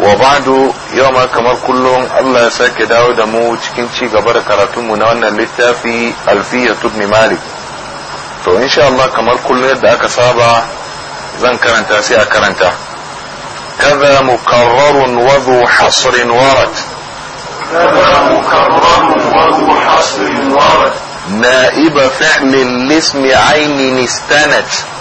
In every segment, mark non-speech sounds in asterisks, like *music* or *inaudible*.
wa ba'du yau ma kamar kullum Allah ya sake dawo da mu cikin ci gaba da karatunmu na wannan littafi alfiya tubni malik to insha Allah kamar kullum yadda aka saba zan karanta sai a karanta kaza mukarrarun wa zu hasrin warat kaza mukarrarun wa zu hasrin warat na'ib fi'l lismi aynin istanat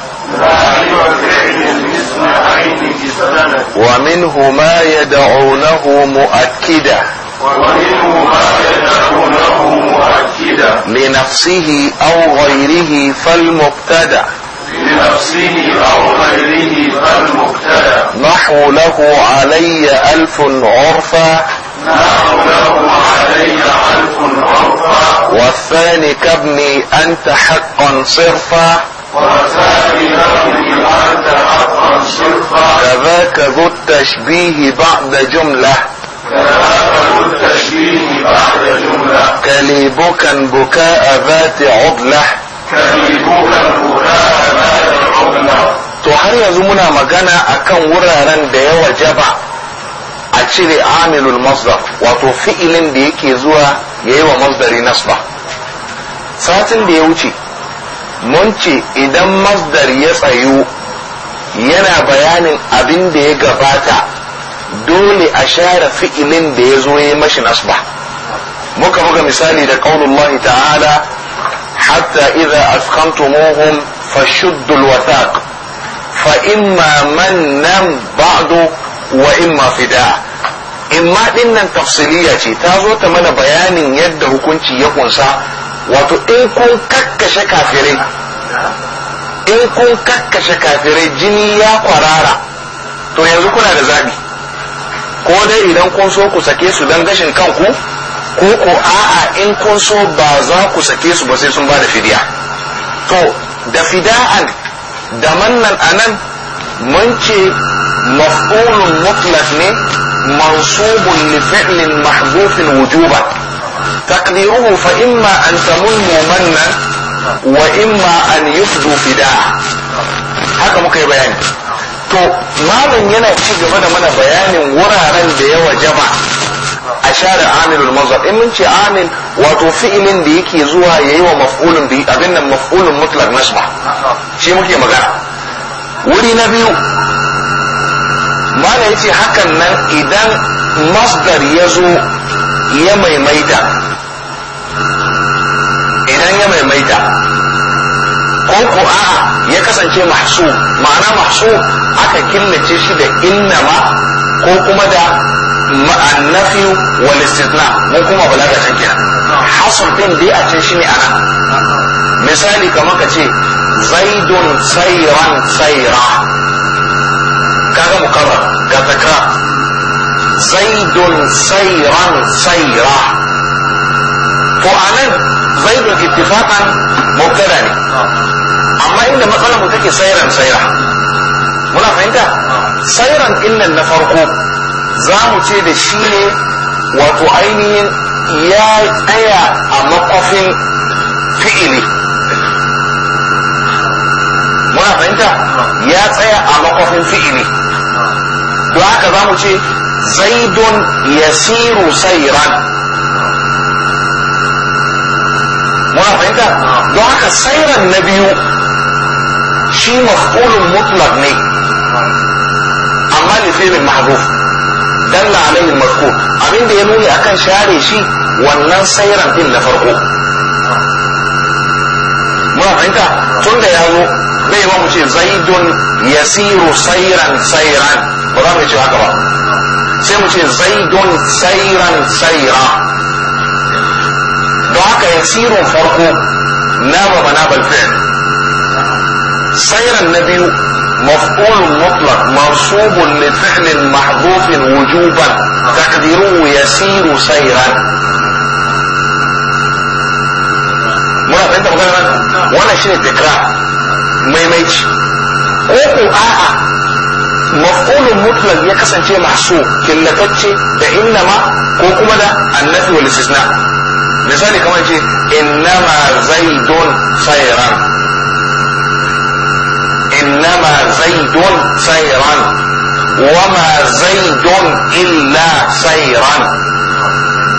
ومنه ما يدعونه مؤكدا ومنه ما يدعونه مؤكدا لنفسه أو غيره فالمبتدا لنفسه أو غيره فالمبتدا نحو له علي ألف عرفا نحو له علي ألف عرفا والثاني كابني أنت حقا صرفا كذاك ذو التشبيه بعد جملة كذاك ذو التشبيه بعد جملة كليبك بكاء ذات عضلة كليبك بكاء ذات عضلة يزمنا مجانا أكن ورارا ديو جبع أتشري عامل المصدر وتوفئ لن بيكي زوا يهو مصدر نصبه ساتن بيوتي mun ce idan masdar ya tsayu yana bayanin abin da ya gabata dole a share fi'ilin da ya zo ya mashi nasba muka buga misali da ƙaunullahi ta'ala hatta idza afkhantumuhum fashuddu alwathaq fa imma mannan ba'du wa imma fida imma dinnan tafsiliya ce ta zo ta mana bayanin yadda hukunci ya kunsa wato in kun kakkashe kafirai in kun kakkashe kafirai jini ya kwarara to yanzu kuna da zabi ko dai idan kun so ku sake su don gashin kanku ko ko a'a in kun so ba za ku sake su ba sai sun ba da fidiya to da fida'an da mannan nan mun ce maf'ulun mutlaq ne mansubun li fi'lin wujuba wujuban تقديره فإما أن nan منا وإما أن يفدو فداء haka muka yi bayani to malam yana ci gaba da mana bayanin wuraren da ya wajaba a share amilul mazhar in mun ce amil wato fi'ilin da yake zuwa yayi wa maf'ulun bi abin nan maf'ulun mutlaq nasba shi muke magana wuri na biyu malam yace hakan nan idan masdar ya zo ya maimaita idan ya maimaita ko ko a ya kasance mahsu ma'ana mahsu aka killace shi da innama ko kuma da ma'annafi wal istithna mun kuma balaga can kenan hasul din dai a can shine ana misali kamar ka ce zaidun sayran sayra kaga mukarrar ga takrar zaidun sairan saira to a nan zaidun ittifaqan mubtada ne amma inda matsalar mu take sairan saira muna fahimta sairan innan na farko za mu ce da shi ne wato ainihin ya tsaya a makwafin fi'ili muna fahimta ya tsaya a makwafin fi'ili don haka za mu ce زيد يسير سيرا muna fahimta don haka sairan na biyu shi maf'ulun mutlaq ne amma li fi'lin mahdhuf dalla alaihi mazkur abin da ya nuni akan share shi wannan sairan ɗin na farko muna fahimta tunda ya zo zai ba zaidun yasiru sairan sairan ba za mu ce haka ba sai mu ce zaidon sairan saira don haka ya siro farko na baba na balfiyar sairan na biyu مفعول مطلق منصوب لفعل محذوف وجوبا تقديره يسير سيرا مرة انت مغيرا وانا شنو التكرار ميميتش اوكو اه maf'ulun mutlaq ya kasance mahsu killatacce da innama ko kuma da annafi wal istisna misali kamar ce innama zaidun sayran innama zaidun sayran wama zaidun illa sayran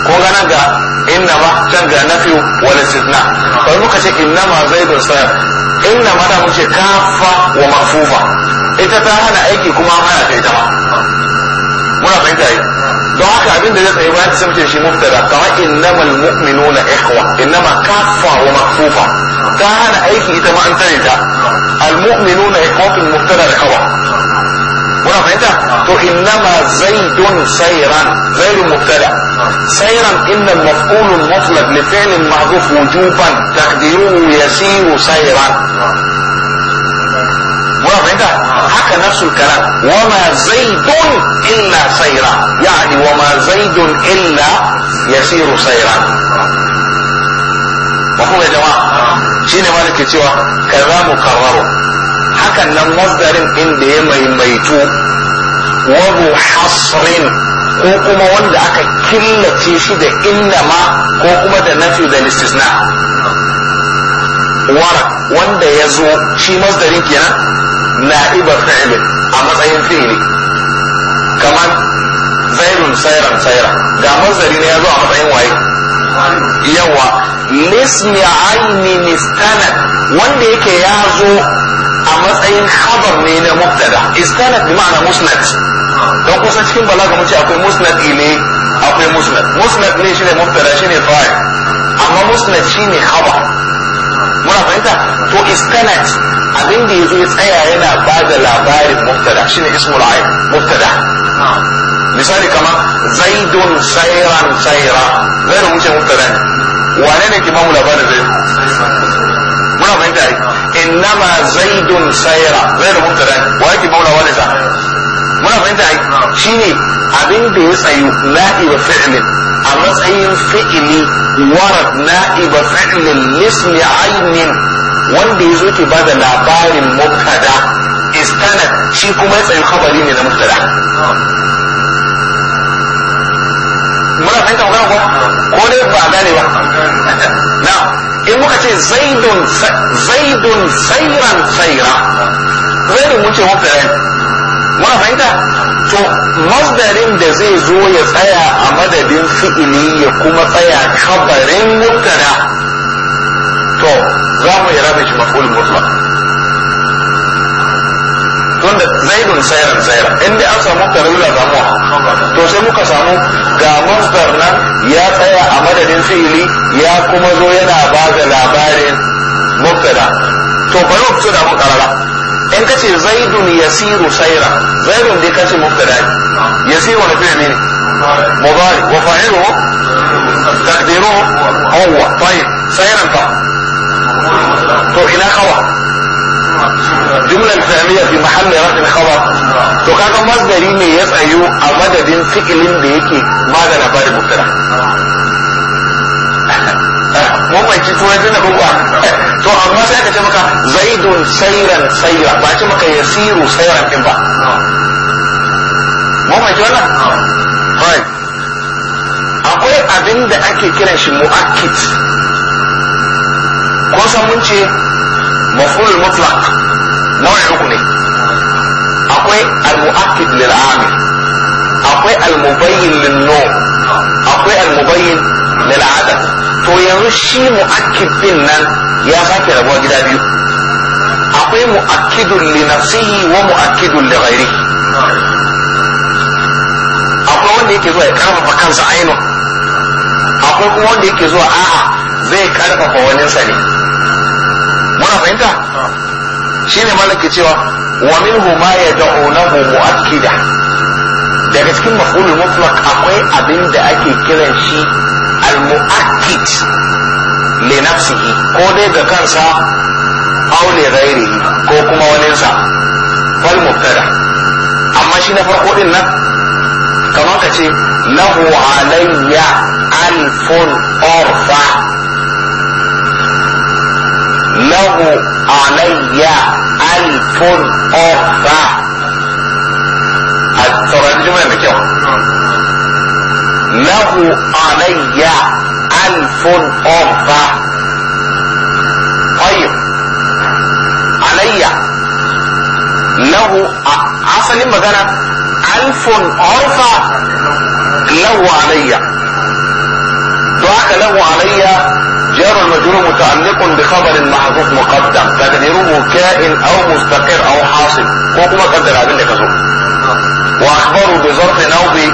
ko gana ga innama can ga nafi wal istisna bari muka ce innama zaidun sayran innama da muke kafa wa mafufa ita ta hana aiki kuma hana ta ita muna fahimta yi don haka abin da zai tsaye bayan sun ce shi muftada kama innamal mu'minuna ikhwa innama kafa wa mafufa ta hana aiki ita ma an tare ta al mu'minuna ikhwatun muftada da kawa muna fahimta to innama zaidun sayran zaidun muftada sayran سيرا ان المفعول li لفعل ma'ruf wujuban taqdiruhu yasiru sayran wa fahimta haka nafsul kana wa ma zaidun illa saira yani wa ma zaidun illa yasiru saira wa kuma jama'a shine nake cewa kaza mu karraro hakan nan mazdarin inda ya maimaitu wa hasrin ko kuma wanda aka killace shi da ma ko kuma da nafi da istisna wara wanda ya zo shi masdarin kenan na'ibar fi'li a matsayin fi'li kamar zairun sairan saira ga mazari ne ya zo a matsayin waye yawa nismi ainin istanad wanda yake ya zo a matsayin khabar ne na mubtada istanad bi ma'ana musnad don kusa cikin balaga mun ce akwai musnad ne akwai musnad musnad ne shine mubtada shine fa'il amma musnad shine khabar muna fahimta to iskanat abin da yazo ya tsaya yana ba da labarin muftada shine ismul ayy muftada misali kama zaidun sayran sayra zaidu wuce mubtada ne wane ne ki mamu labarin zaidun muna fahimta ai innama zaidun sayra zaidu muftada ne wa yake maula wani sa muna fahimta ai shine abin da ya tsayu na'iba fi'lin a matsayin fi'ili warad na'iba fi'lin lismi ainin wanda ya zo ke ba da labarin mubtada istanad shi kuma ya tsayu khabari ne na mubtada muna fahimta magana ko ko ne ba gane ba na in muka ce zaidun zaidun sayran sayra zaidun mun ce mubtada muna fahimta to mazdarin da zai zo ya tsaya a madadin fi'ili ya kuma tsaya kabarin mubtada to za mu yi rabin shi maful mutlaq tunda zaidun sayran sayran in dai an samu da samu to sai muka samu ga mazdar nan ya tsaya a madadin fi'ili ya kuma zo yana ba da labarin mubtada to bari mu fito da mu karara in ka ce zaidun yasiru saira zaidun dai ka ce mubtada yasiru wani fi'li ne mudari wa fa'iluhu taqdiruhu huwa tayyib sairan fa to ina khabar jumla fi'liya fi mahalli rafin khabar to kaga masdari ne ya tsayu a madadin fi'ilin da yake ba da labarin mubtada mun bai ci turai da kuka to yasiru sairan saira ba ce maka yasiru sairan din ba mu fahimci wannan akwai abin da ake kiran shi mu'akkid ko san mun ce mafulul mutlaq nau'i uku ne akwai al-mu'akkid lil ami akwai al-mubayyin lin nawm akwai al-mubayyin lil adam to yanzu shi mu'akkid din nan ya sake rabuwa gida biyu akwai mu'akkidun li nafsihi wa mu'akkidun li ghairi akwai wanda yake zuwa ya karfafa kansa ainihin akwai kuma wanda yake zuwa a'a zai karfafa sa ne muna fahimta shine malaka cewa wa minhu ma yad'unahu mu'akkida daga cikin maf'ulul mutlaq akwai abin da ake kiran shi al-mu'akkid li nafsihi ko dai ga kansa aw li ghairihi ko kuma waninsa fal mubtada amma shi na farko din nan kamar ka ce lahu alayya alfun orfa lahu alayya alfun orfa a sauran jimla da kyau lahu alayya alfun orfa طيب الشرعية له عسل مغانا ألف عرفة له علي دعاك له علي جار المجرور متعلق بخبر محذوف مقدم تقديره كائن أو مستقر أو حاصل وكما قدر عبد لك وأخبره بظرف نوبي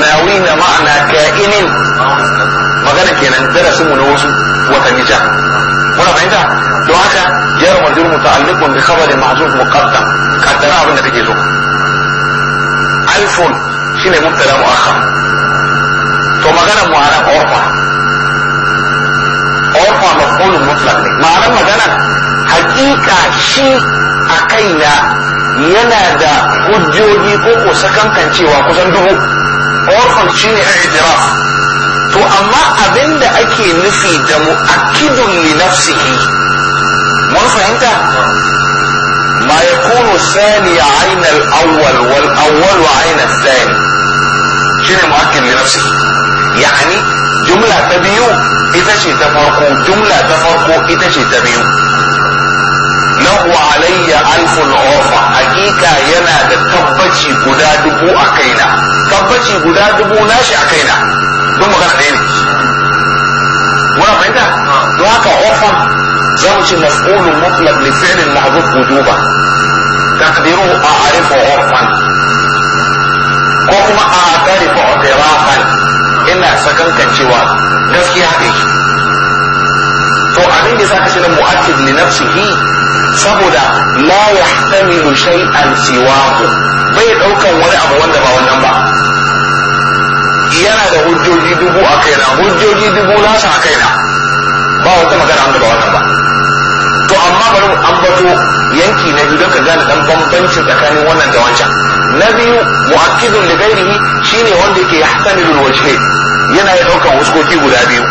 ناوين معنى كائن مغانا كينا درس منوز وتنجح muna fahimta don haka yar mandur muta'alliqun bi khabarin mahzuf muqaddam kaddara abin da kake so alfun shine mubtada muakhar to magana mu ana orfa orfa mafulun mutlaq ne ma'anar magana hakika shi a kaina yana da hujjoji ko ko sakankan cewa kusan dubu orfan shine i'tiraf to amma abinda ake nufi da mu'akkidun li nafsihi mun fahimta ma yakunu sani aina al-awwal wal awwal ayn al-thani shine mu'akkid li nafsihi yani jumla ta biyu ita ce ta farko jumla ta farko ita ce ta biyu lahu alayya alfun ofa hakika yana da tabbaci guda dubu a kaina tabbaci guda dubu nashi a kaina don magana da ne muna fahimta ah. don haka ofan za mu ce na abu kudu ba mahdhuf kadiru a arifa ofan. ko kuma a a'tarifu i'tirafan ina sakankan cewa gaskiya ne. yake to abin da saka shirin na mu'akkid li nafsihi saboda la yahtamilu shay'an siwahu bai daukan wani abu wanda ba wannan ba yana da hujjoji dubu a kaina hujjoji dubu nasa a kaina ba wata magana wanda ba wannan ba to amma bari mu ambato yanki na biyu don ka gane dan bambanci tsakanin wannan da wancan na biyu mu'akkidun li ghairihi shine wanda yake yahtamilul wajhain yana ya daukan huskoki guda biyu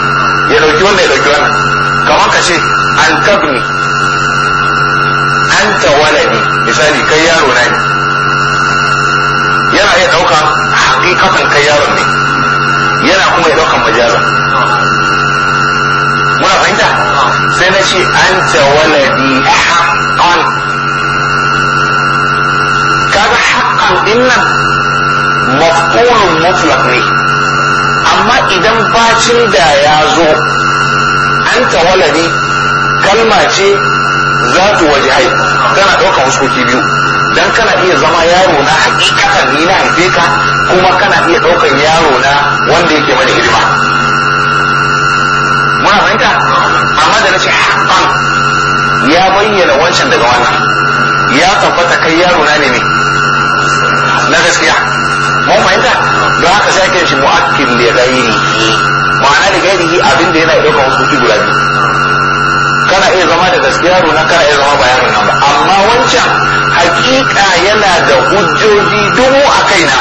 ya dauki wanda ya dauki wannan kamar ka ce an kabni anta waladi misali kai yaro na ne yana iya dauka hakikatan kai yaron ne yana kuma ya daukan majaza muna fahimta sai na ce an ta waladi haqqan kaga haqqan nan maf'ulun mutlaq ne amma idan bacin da ya zo an ta waladi kalma ce za ta waje hai tana ɗaukar huskoki biyu dan kana iya zama yaro na hakikatan ni na haife ka kuma kana iya ɗaukan yaro na wanda yake mana hidima muna fahimta amma da nace haƙan ya bayyana wancan daga wannan ya tabbata kai yaro na ne ne na gaskiya mun fahimta don haka sai ake shi mu'akkil li ghairihi ma'ana li ghairihi abin da yana wasu hukunci guda biyu kana iya zama da gaskiya yaro na kana iya zama ba yaro na ba amma wancan hakika yana da hujjoji dubu a kaina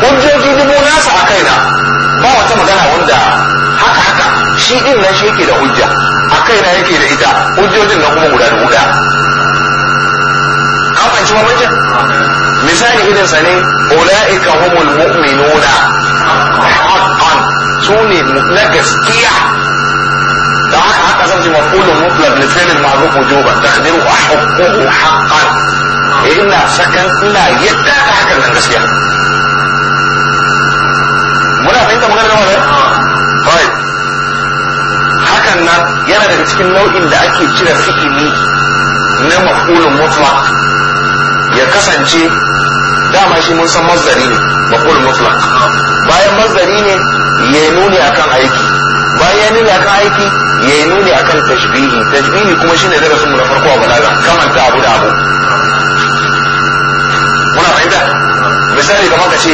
hujjoji dubu nasa a kaina ba wata magana wanda haka haka shi din nan shi yake da hujja a kaina yake da ita hujjojin nan kuma guda da guda. an fahimci mamakin misali irin sa ne ulaika humul mu'minuna haqqan su ne na gaskiya da haka haka zan ji maqulun mutlaq li fi'lin ma'ruf wujuban taqdiru haqqu haqqan eh, ina sakan ina yadda da hakan nan gaskiya muna fahimta magana da wannan right hakan nan yana daga cikin nau'in da ake cire fi'ili na maqulun mutlaq ya kasance dama shi mun san mazdari ne maqulun mutlaq bayan mazdari ne ya nuni akan aiki bayan ya nuni akan aiki ya yi nuni akan tashbihi tashbihi kuma shine darasin mu na farko a balaga kamanta abu da abu muna fahimta misali kamar ka ce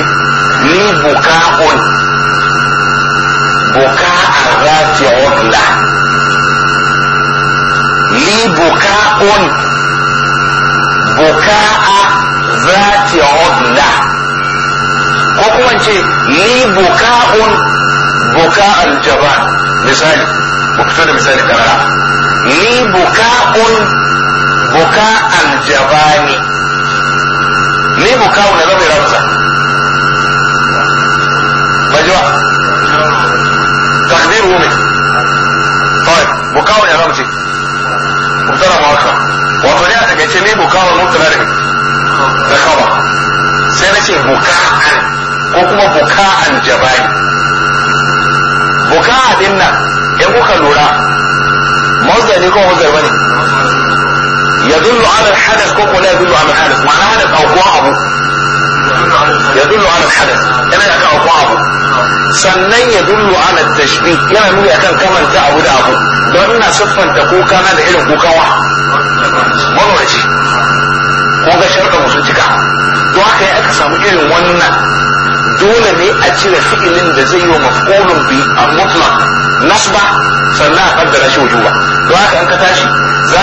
ni buka'un buka'a zati urla li buka'un buka'a zati urla ko kuma ce ni buka'un buka'an jaban misali ba fito da misali karara ni buka'un buka'an jabani ni buka'un na zama ramza طيب بكاء يا رمزي مبتدا مؤخر wato ne a takaice ne bukawa mutula da da ko kuma buka'an jabani din nan in kuka lura mazdar ne ko mazdar bane ko على ya كوكو لا hadas ma'ana hadas معنى حدث أو قوامه يدل على الحدث أنا يأتي أو abu sannan ya dullu ala tashbi yana nuni akan kamanta abu da abu don ina siffanta kuka na da irin kuka wa mawarashi ko ga sharɗa musu cika to haka ya aka samu irin wannan dole ne a cire fi'ilin da zai yi wa maf'ulun bi a mutlaq nasba sannan a kaddara rashin wujuba don haka an ka tashi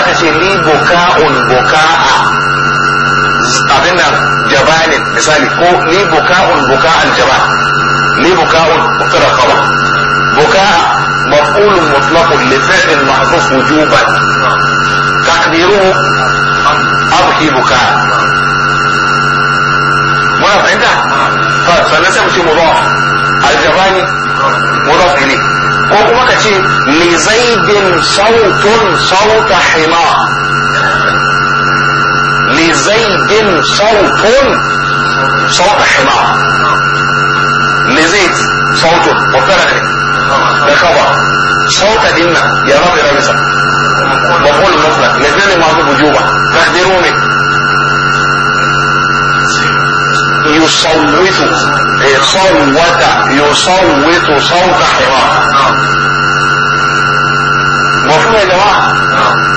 ka ce li buka'un buka'a abin nan jabanin misali ko li buka'un buka'an jabal li buka'un mutlaq qaba buka'a mutla ko li fi'l mahdhuf wujuban takdiruhu abki buka'a muna fahimta فنسبت مضاف الجباني مضاف إليه وكما كتير لزيد صوت صوت حمار لزيد صوت صوت حمار لزيد صوت وفرق الخبر صوت دينا يا رب يا رب وقول المفلح لذلك ما وجوبا فاخبروني يصوت صوت يصوت صوت حمار مفهوم يا جماعة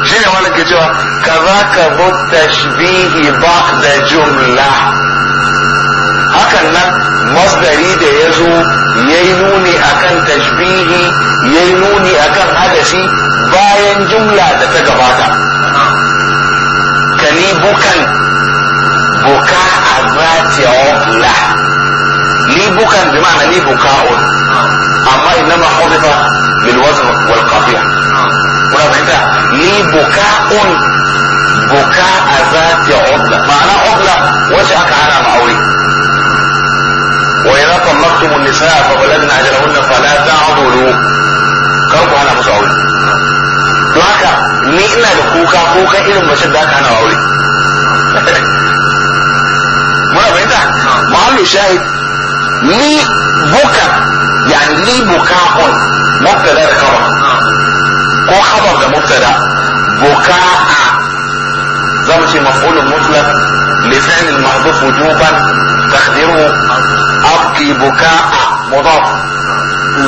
شنو يا مالك كتير كذاك بالتشبيه بعد جملة هكذا مصدري ده يزو ينوني أكن تشبيه ينوني أكن حدثي باين جملة ده تجباتا كني بكن بوكا ذات عقلة ليه بكا بمعنى لي بكاء اما انما حذف بالوزن والقطيع ولا فهمت ليه بكاء بكاء ذات عقلة معنى عقلة وجهك على معوري وإذا طلقتم النساء فبلغن أجلهن فلا تعضلوا كوكا على مسعود don haka ni ina da kuka kuka irin mace ما قال له شاهد ليه بكى يعني ليه بكاء مبتدا خبر هو خبر ده مبتدا بكاء زوجي مفعول مطلق لفعل المحذوف وجوبا تقديره ابكي بكاء مضاف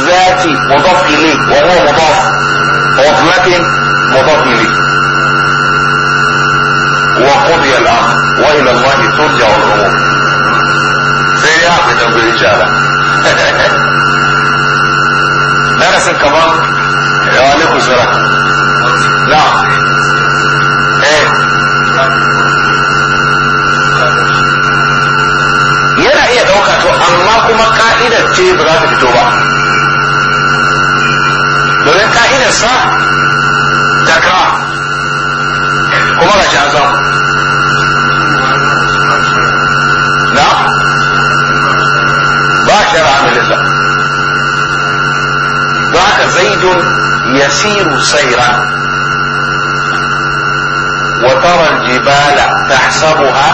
ذاتي مضاف اليه وهو مضاف عظمة مضاف اليه وقضي الامر Eh. yana iya ɗauka to amma kuma ka'idar ce ba za ta fito ba domin ka'idar sa ta kuma ga shi an samu ka zaidun yasiru saira wa tara jibala tahsabuha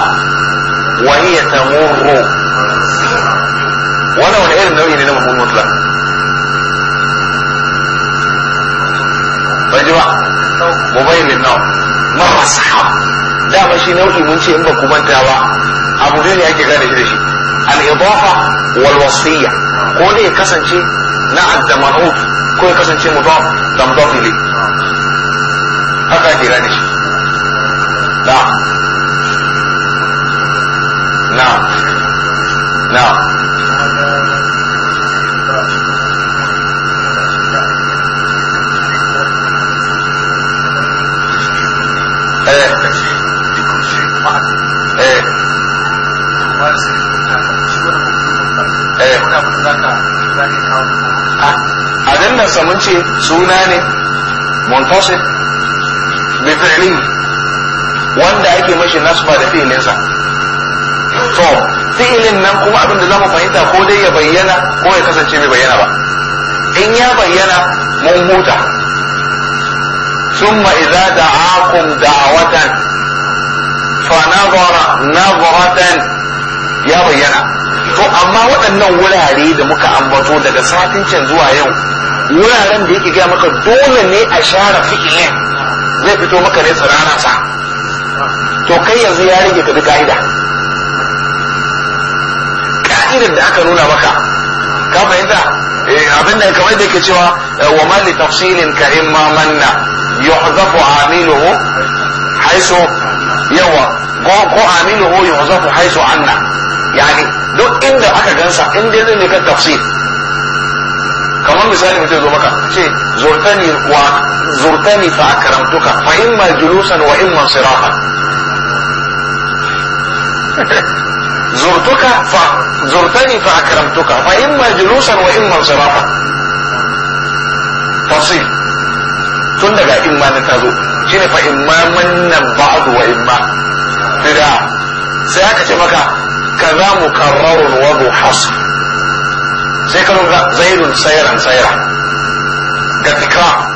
wa hiya tamurru wala wala ilmu nawi ne mun da ba shi nauki mun ce in ba ku mantawa abu ne yake gane shi da shi al-ibaha wal ko ne kasance na'at da ma'ruf ko ya kasance mudaf da mudaf ilay haka ake gane shi na na na eh eh eh A nan mun ce suna ne muntasib bifirin wanda ake mashi nasba da fiilinsa to fi'lin nan kuma abin da mu fahimta ko dai ya bayyana ko ya kasance bai bayyana ba in ya bayyana mun huta ثم إذا دعاكم دعوة فنظر نظرة ya bayyana. to amma waɗannan wurare da muka ambato daga satin can zuwa yau wuraren da yake gaya maka dole ne a share fi'ilin zai fito maka ne tsirararsa to kai yanzu ya rage ka bi ka'ida ka'idar da aka nuna maka ka fahimta eh, abinda kamar da ke cewa eh, wa man li tafsilin ka ma manna yuhzafu amiluhu haisu yawa ko ko amiluhu yuhzafu haisu anna yani duk inda aka gansa in dai zai ne kan tafsir kamar misali mutum zo maka ce zurtani wa zurtani fa akramtuka fa ma julusan wa in ma sirafa *laughs* zurtuka fa zurtani fa akramtuka fa ma julusan wa in ma sirafa tafsir tun daga imma na tazo shine fa imma mannan ba'du wa imma bid'a sai aka ce maka كذا مكرر وذو حصر زي كانوا زيد سيرا سيرا ده تكرار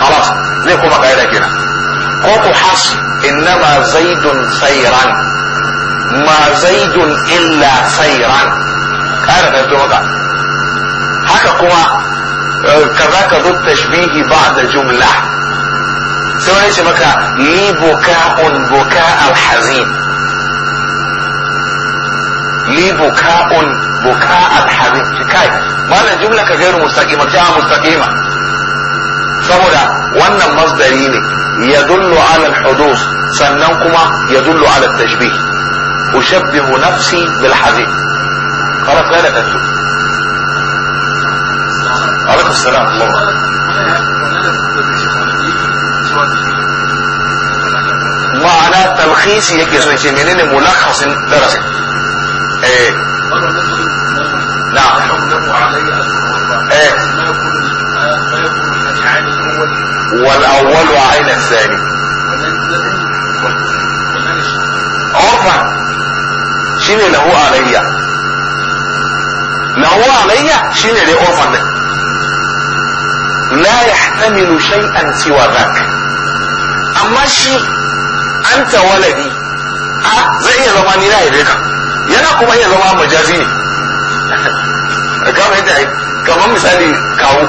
خلاص ليكو ما قاعدة كده قوت حصر انما زيد سيرا ما زيد الا سيرا قاعدة انتوا مقع حكا كما آه، كذاك ذو التشبيه بعد جملة سوى ليش مكا لي بكاء بكاء الحزين لي بكاء بكاء حزين كاي ما جملة غير مستقيمة جاء مستقيمة saboda wannan masdari ne ya dullu ala hudus sannan kuma ya dullu ala tashbih ushabbihu nafsi bil hadith خلاص هذا تسوق عليكم السلام الله ma'ana talkhisi yake so ce menene mulakhasin darasin ايه نعم ايه والاول وعين الثاني عرفا شنو له عليا له عليا شنو عرفا لا يحتمل شيئا سوى ذاك اما شي انت ولدي ها زي زماني لا يبقى yana kuma iya zama majazi ne ka yadda ai kamar misali kawo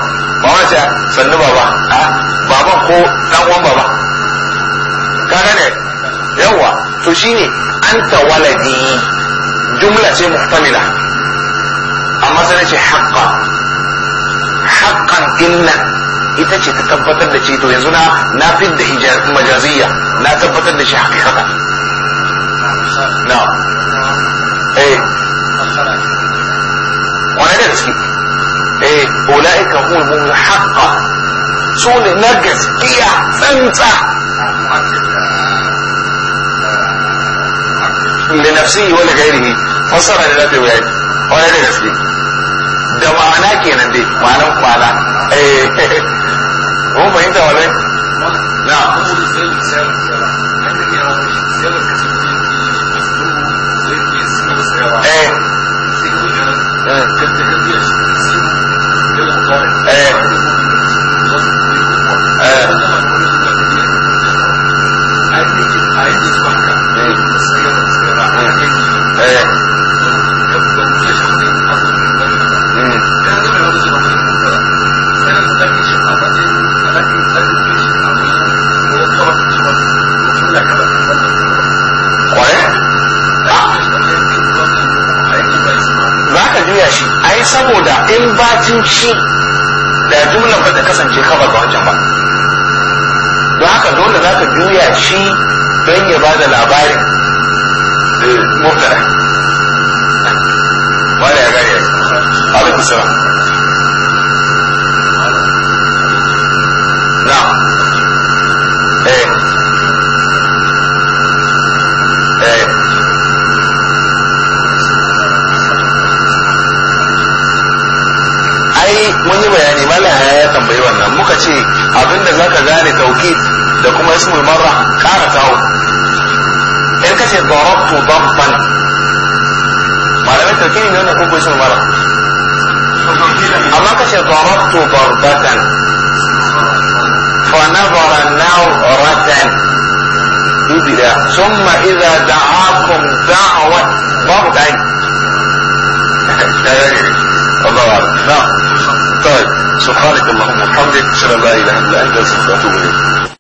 ba wani ta sannu baba a baban ko dan baba ka gane yawa to shi ne an anta waladi jumla ce muhtamila amma sai na ce haƙƙa. Haƙƙan inna ita ce ta tabbatar da ce to yanzu na na fid da majaziyya na tabbatar da shi hakikata na eh wani da gaske eh ula'ika humul mu'minun haqqan su ne na gaskiya tsantsa linafsihi wani gairihi fassara ne zafi bayani wani da gaske da kenan dai ma'anan kwana eh fahimta na eh, eh, kasance kama ga wancan ba don haka dole za ka juya shi don ya ba da labarin eh, mubtada kuma ismul marra ƙara kawo in kace darabtu dabban malamai tauki ne wannan kuma ismul marra amma kace darabtu darbatan fa nazara nawratan dubi da summa idza da'akum da'wat babu dai الله أعلم نعم طيب سبحانك اللهم وبحمدك اشهد ان لا اله الا انت استغفرك واتوب اليك